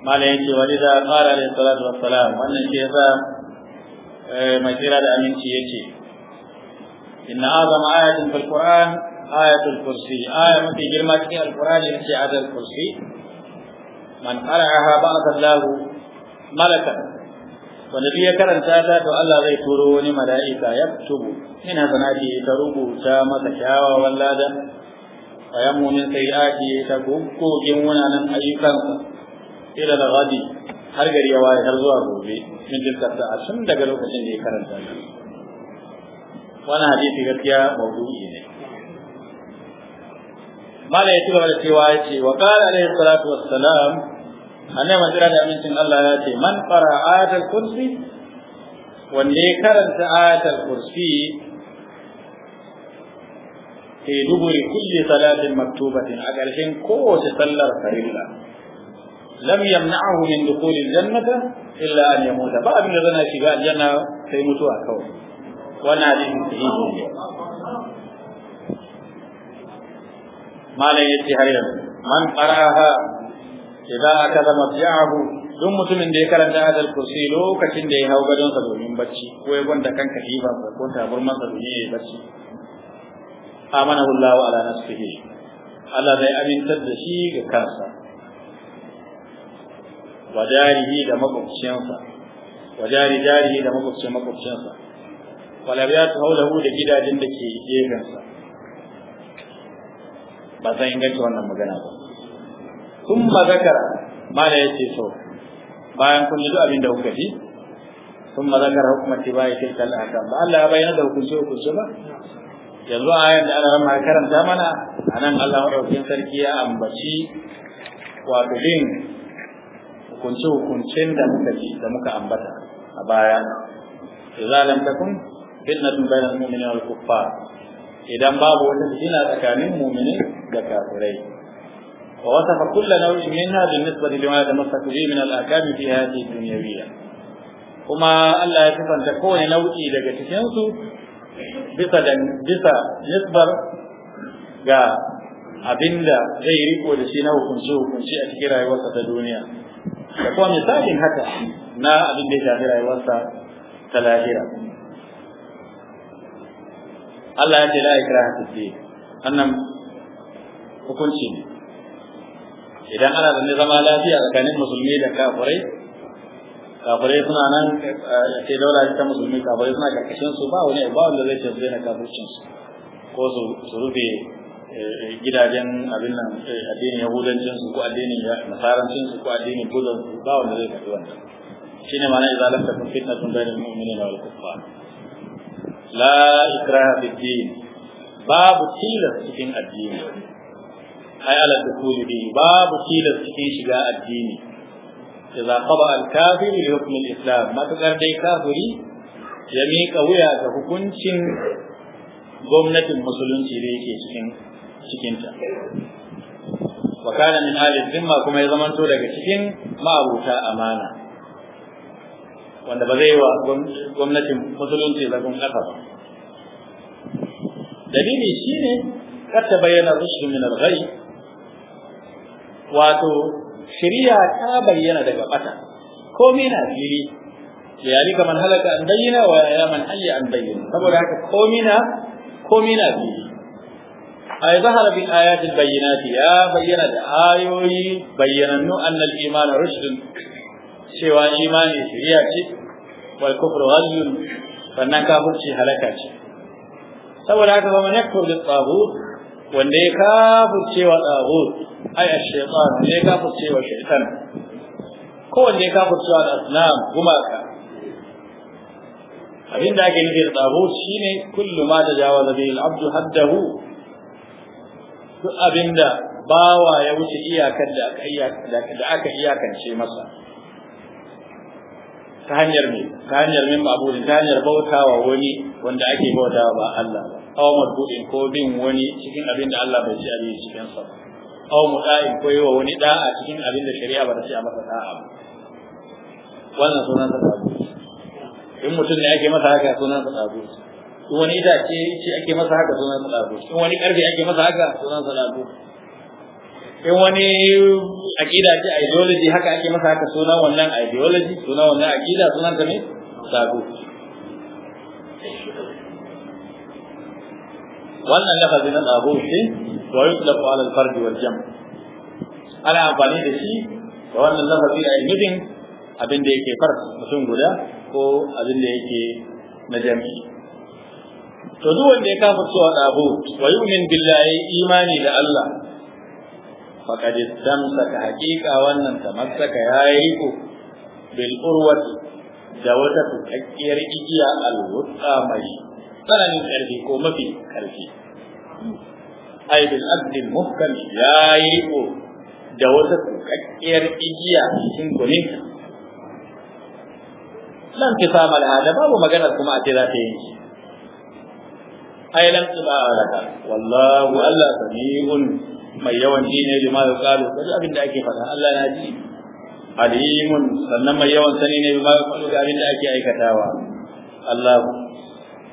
mala yake wani za a fara da salatu wassalam wannan shi yasa mai tsira da aminci yake inna azama ayatin fil qur'an ayatul kursi aya mafi girma cikin alqur'ani yace ayatul kursi man qara'aha ba'da Allahu malakan wanda duk ya karanta ta to Allah zai turo wani mala'ika ya tubu ina sanadi ta rubuta masa kyawawan lada wa sai min sayyiati ta gogin wannan ayyukansa ila da gadi har gari ya waye har zuwa gobe min tilka sa'a tun daga lokacin da ya karanta ta wannan hadisi gaskiya mawdu'i ne mala ya ci gaba da cewa ya ce wa qala alayhi salatu wassalam annabi majira da amincin Allah ya ce man fara ayatul kursi wanda ya karanta ayatul kursi ke duburi kulli salatin maktubatin a ƙarshen kowace sallar farilla lam yamna'ahu min dukhulil jannata illa an yamuta ba abin da zana shiga aljanna sai mutuwa kawai wannan hadisi sahihi ne malam yace har yanzu man qara'aha idza akaza mabja'ahu dun mutumin da ya karanta hadal kursi lokacin da ya hau sa domin bacci ko ya gonda kan katifa ko taburman sa domin ya bacci amanahu Allah ala nafsihi Allah zai amintar da shi ga kansa wa da makwabciyansa wa jari jarihi da makwabciyan makwabciyansa wa labiyatu haulahu da gidajen da ke gefensa ba zan inganta wannan magana ba summa zakara mala yace to bayan kun duk abin da kuka ji summa zakara hukumar tibai tilka al-ahkam ba Allah ya bayyana da hukunce hukunce ba yanzu a ayan da Allah ya karanta mana anan Allah madaukakin sarki ya ambaci wato bin da muka ji da ambata a baya idza lam takun fitnatun bainal mu'minin wal kuffar idan babu wata fitina tsakanin mu'mini da kafirai ووصف كل نوع منها بالنسبة لما يتمسك به من الأحكام في هذه الدنيوية كما ألا يكفن تكون نوعي لك تشنسو بس بس نسبر ga abinda zai riko da shi na hukunci hukunci a cikin rayuwarsa ta duniya da kuma misalin haka na abin da ya shafi rayuwarsa ta lahira Allah ya ce la ikraha fi annan hukunci ne idan ana zanne zama lafiya tsakanin musulmi da kafirai kafirai suna nan eh, sai daula ta musulmi kafirai suna karkashin su ba wani ba wanda zai ce su daina kafircin su ko su rufe eh, gidajen abin nan eh, addinin yahudancin su ko addinin nasarancin su ko addinin budan su ba wanda zai karbi wannan ne ma'ana izalan ta fitnatun bainal mu'minina wal kuffar la ikraha fi din babu tilas cikin addini ai ala dukuli bi babu tilas cikin shiga addini idza qada al kafir li hukm al islam matakar dai kafiri ya miƙa wuya ga hukuncin gwamnatin musulunci da yake cikinta wa kana min alil zimma kuma ya zamanto daga cikin ma'abuta amana wanda ba zai wa gwamnatin musulunci zagon ƙasa ba dalili shine kar ta bayyana rushd min al wato shari'a ta bayyana daga bata komai na fili ya yi kamar halaka an bayyana wa ya man hayya an bayyana saboda haka komai na komai na fili ay zahara bi ayatil bayyinati ya bayyana da ayoyi bayyanannu annal iman rushdun cewa imani shari'a ce wal kufru ghadlun sannan kafirci halaka ce saboda haka ba man yakfur bi tsaghut wanda ya kafurce wa tsahut ai a shaitan wanda ya kafurce wa shaitan ko wanda ya kafurce wa asnam gumaka abin da ake nufi da tsahut shine kullu ma da jawaza bihi al-abdu haddahu duk abinda bawa ya wuce iyakar da aka iyakance masa ta hanyar me ta hanyar min ta hanyar bautawa wani wanda ake bautawa ba Allah ba aw marbu'in ko bin wani cikin abin da Allah bai ci a cikin cikin sa aw muta'in ko yawa wani da'a cikin abin da shari'a ba ta ce a masa da'a ba wannan sunan sa tabu in mutum ne ake masa haka sunan sa tabu in wani itace ce ake masa haka sunan sa tabu in wani karfe ake masa haka sunan sa tabu in wani akida ce ideology haka ake masa haka sunan wannan ideology sunan wannan akida sunan ta ne tabu wannan lafazi na tsaro shi wa yutlaqu ala al-fard wal jam ana amfani da shi da wannan lafazi a nufin abin da yake far mutum guda ko abin da yake na jami'i to duk wanda ya kafa cewa tsaro wa yu'min billahi imani da Allah faqad istamsaka haqiqa wannan tamassaka yayi ko bil urwati da wata tukakkiyar igiya al-wusta mai tsananin ƙarfi ko mafi ƙarfi Aibin bil abdin muhkam ya yi ko da wata tsukakkiyar igiya cikin kunin lan ki sama al'ada babu magana kuma a ce za ta yanki ai lan ki ba alaka wallahu Allah sami'un mai yawan ji ne bima da kalu da abin da ake faɗa Allah na ji alimun sannan mai yawan sani ne bima da kalu da abin da ake aikatawa Allah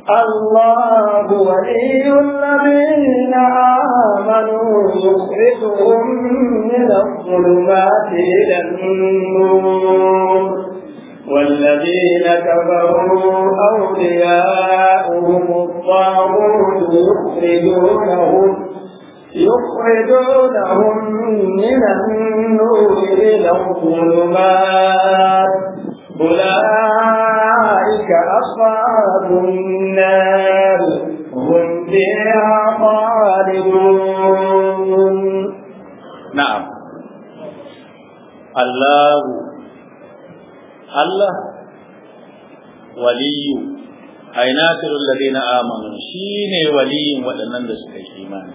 الله ولي الذين آمنوا يخرجهم من الظلمات إلى النور والذين كفروا أولياؤهم الطاغوت يخرجونهم يخرجونهم من النور إلى الظلمات أولئك أصحاب النار هم فيها خالدون نعم الله الله ولي أي ناصر الذين آمنوا شين ولي ولنن دسك إيمان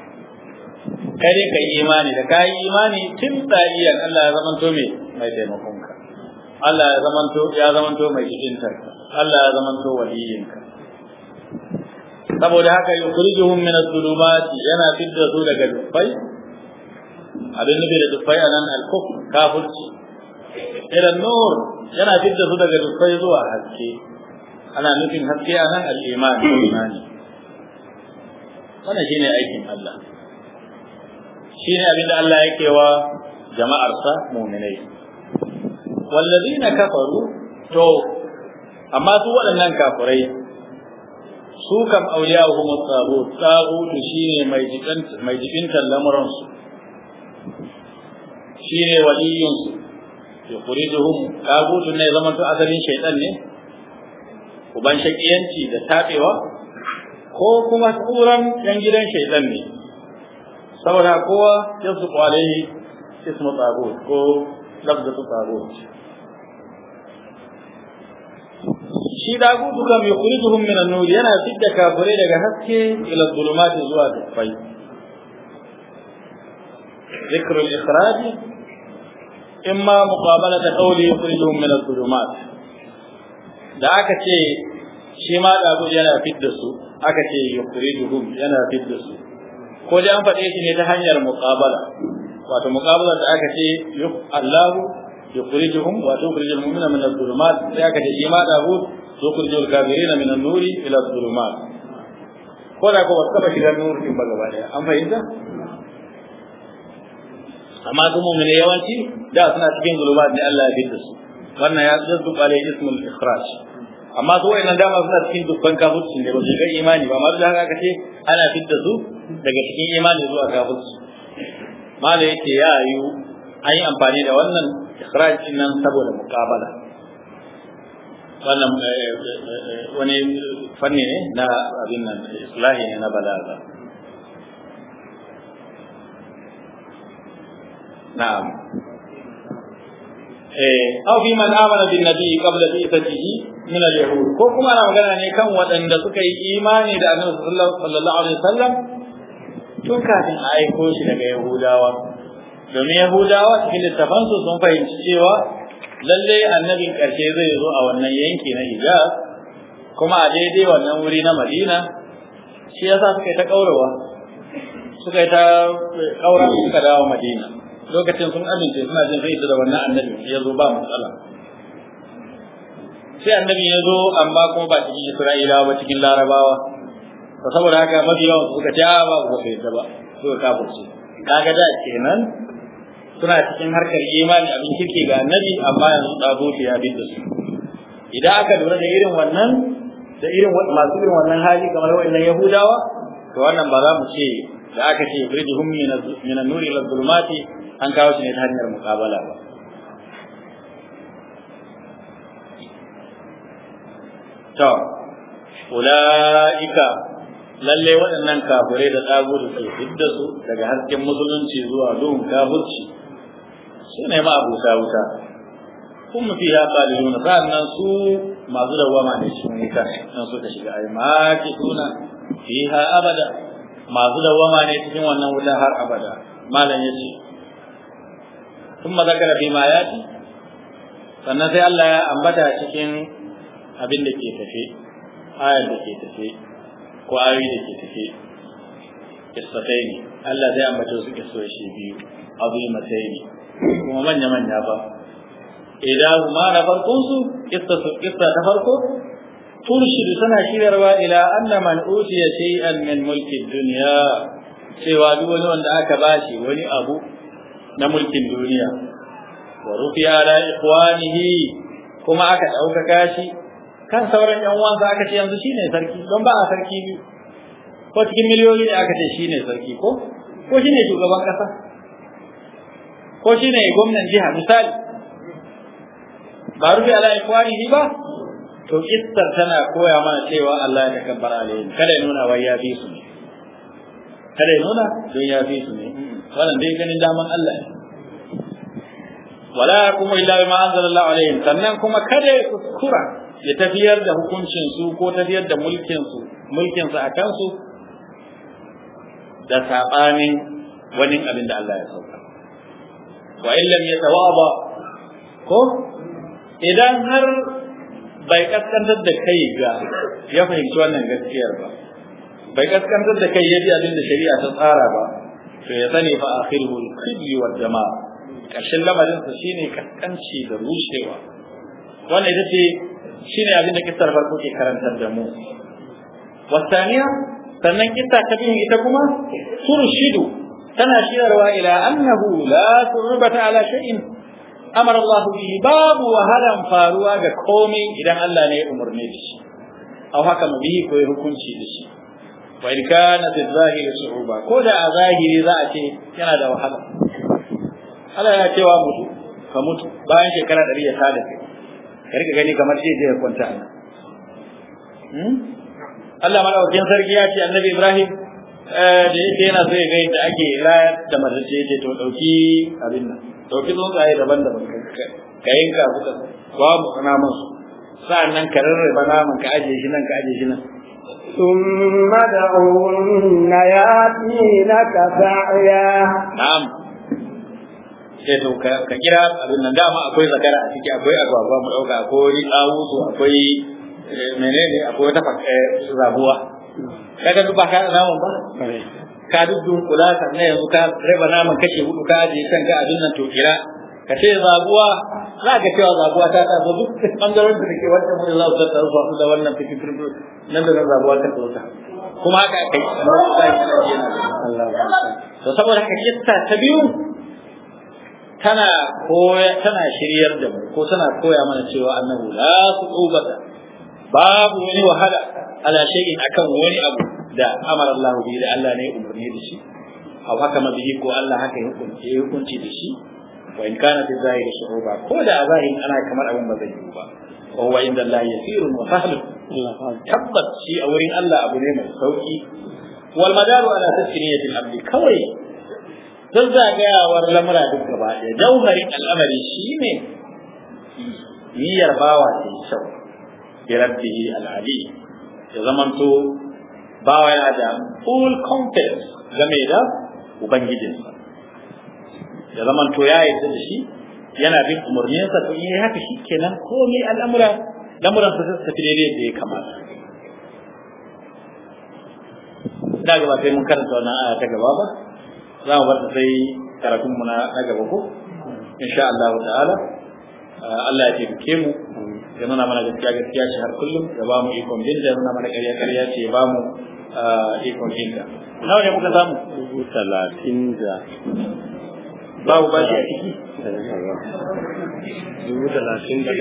kare ka imani da ka yi imani tun tsariyar Allah ya zama to mai taimakon Allah ya zamanto ya zamanto mai shirinka Allah ya zamanto waliyinka saboda haka yukhrijuhum min adh-dhulumati yana fidda su daga dufai abin nufi da dufai anan al-kufr kafirci ila nur yana fidda su daga dufai zuwa haske ana nufin haske anan al-iman imani wannan shine aikin Allah shine abin da Allah yake wa jama'arsa mu'minai wallazina kafaru to amma su waɗannan kafirai su kam auliyahum at-taghut taghut shine mai jikin mai jikin lamuran su shine waliyun su yukhrijuhum taghut ne zaman to asalin shaytan ne uban shakiyanci da tabewa ko kuma tsuran yan gidan shaytan ne saboda kowa yasu alaihi ismu taghut ko lafzatu taghut shi dagutu kam yukhrijuhum min an-nur yana fidda kafirai daga haske ila dhulumati zuwa dufai ذكر الإخراج إما مقابلة قولي يخرجهم من الظلمات da aka ce shi ma ɗagu yana fit da su aka ce yukhrijuhum yana fit da su ko dai an faɗe shi ne ta hanyar muqabala wato muqabala da aka ce yuk Allahu yukhrijuhum wa tukhrijul mu'mina min adh-dhulumat sai aka ce shi ma ɗagu yukhrijul kafirina minan nuri ila dhulumat ko da ko wasaba shiga nuru din ba gaba daya an fahimta amma su mu'mini yawanci da suna cikin zulumat ne Allah ya fitar su wannan ya tsaddu alai ismul ikhraj amma su da dama suna cikin dukkan kafirci ne ba su ga imani ba amma da haka aka ce ana fitar su daga cikin imani zuwa kafirci mala yake ya yi an yi amfani da wannan ikhraj nan saboda muqabala wannan eh, eh, eh, wani fanni ne na abin nan islahi ne na balaga na'am eh aw fi man amana bin nabi qabla bi'tatihi min al-yahud ko kuma ana magana ne kan waɗanda suka yi imani da annabi sallallahu alaihi wasallam tun kafin a aiko shi daga yahudawa domin yahudawa cikin littafansu sun fahimci cewa lalle annabin ƙarshe zai zo a wannan yanki na hijaz kuma a daidai wannan wuri na madina shi yasa suka yi ta ƙaurawa suka yi ta ƙaura suka dawo madina lokacin sun amince suna jin zai da wannan annabi ya zo ba matsala sai annabi ya zo amma kuma ba cikin isra'ila ba cikin larabawa saboda haka mafi yawan suka ja ba su ka sai ta ba suka kafurce kaga da kenan suna cikin harkar imani abin kirki ga annabi amma yanzu tsagofi ya bi su idan aka lura da irin wannan da irin masu irin wannan hali kamar wannan yahudawa to wannan ba za mu ce da aka ce yurjihum min an-nuri ila dhulumati an kawo shi ne ta hanyar muqabala ba to ulaika lalle waɗannan kafirai da tsago da su daga hasken musulunci zuwa duhun kafirci sune ne ma abota wuta kun mafi ya kaliluna sa'annan su masu dawama ne cikin wuta nan suka shiga ai maki suna fiha abada masu dawama ne cikin wannan wuta har abada malam ya ce fi ma ya ci sannan sai Allah ya ambata cikin abin da ke tafe ayar da ke tafe ko ayoyi da ke tafe kistatai ne Allah zai ambata su shi biyu abu yi matsayi kuma manya manya ba idan ma na farkon su kissa su ta farko turshidu suna shirarwa ila anna man utiya shay'an min mulki dunya cewa duk wani wanda aka bashi wani abu na mulkin duniya wa rufiya ala ikwanihi kuma aka ɗaukaka shi kan sauran yan uwansa aka ce yanzu shine sarki don ba a sarki biyu ko cikin miliyoyi ne aka ce shine sarki ko ko shine shugaban kasa ko shi ne gwamnan jiha misali ba rufe ala ikwani ba to kissar tana koya mana cewa Allah ya takabbar alayhim kada ya nuna wai ya fi su ne kada ya nuna don ya fi su ne wannan dai ganin daman Allah ne wala kuma illa bima anzalallahu alaihim sannan kuma kada ya kuskura ya tafiyar da hukuncin su ko tafiyar da mulkin su mulkin su akan su da sabanin wani abin da Allah ya sauka wa illam yatawaba ko idan har bai kaskantar da kai ga ya fahimci wannan gaskiyar ba bai kaskantar da kai yadda abin da shari'a ta tsara ba to ya sani fa akhirul khizyi wal jama'a karshen lamarin sa shine kaskanci da rushewa wannan ita ce shine abin da kisar farko ke karantar da mu wasaniya sannan kisa ta biyu ita kuma turshidu tana shirarwa ila annahu la turbata ala shay'in amara Allah bihi babu wahalan faruwa ga komai idan Allah ne ya umurne da shi aw haka mu bihi ko hukunci da shi wa in kana fi zahiri su'uba ko da a zahiri za a ce yana da wahala Allah ya ce wa mutu ka mutu bayan shekara ɗari ya sada kai ka rika gani kamar zai je ya kwanta hmm? Allah madaukakin sarki ya ce annabi Ibrahim Eh, da yake yana so ya ga yadda ake rayar da mazaje ce to dauki abin nan dauki tsuntsaye daban-daban ka yanka kuka babu naman su sa'annan ka rarraba naman ka ajiye shi nan ka ajiye shi nan ثم دعوهن ياتينك سعيا نعم sai to ka kira abin nan dama akwai zakara a ciki akwai agwagwa mu dauka akwai tsawusu akwai eh, menene akwai wata zabuwa eh, kaga duk ba ka naman ba ka duddun kula sannan yanzu ka raba naman kashe hudu ka kan ga abin nan to kira ka ce zabuwa za ka cewa zabuwa ta ta duk ɓangaren da ke wancan mun za su tsara su da wannan fitin turbi nan da nan ta tsota kuma haka aka yi to saboda haka kitta ta biyu tana koya tana shiryar da mu ko tana koya mana cewa annabu la su tsubata babu wani wahala ala shay'in akan wani abu da amara Allah bi da Allah ne umarni da shi aw haka ma bihi ko Allah haka ya hukunce ya hukunce da shi wa in kana fi zahiri shu'uba ko da a zahirin ana kamar abin ba zai yi ba wa huwa inda Allah yasirun wa sahlun tabbas shi a wurin Allah abu ne mai sauki wal madaru ala tasriyatil abdi kawai zazzagayawar lamura duk gaba ɗaya jauharin al'amari shine niyyar bawa ta yi sau. bi rabbihi al'ali ya zamanto bawa yana da full confidence game da ubangijinsa ya zamanto ya yi da shi yana bin umarninsa to yi haka shi kenan komai al'amura lamuran sai su tafi daidai da ya kamata da gaba sai mun karanta wannan aya ta gaba ba za mu bar ta sai karatunmu na gaba ko insha Allah ta'ala Allah ya taimake mu ya nuna mana gaskiya gaskiya ce har kullum ya ba mu ikon da ya nuna mana ƙarya ƙarya ce ya ba mu ah, ikon da. nawa ne kuka samu dubu talatin da babu shi a ciki dubu talatin da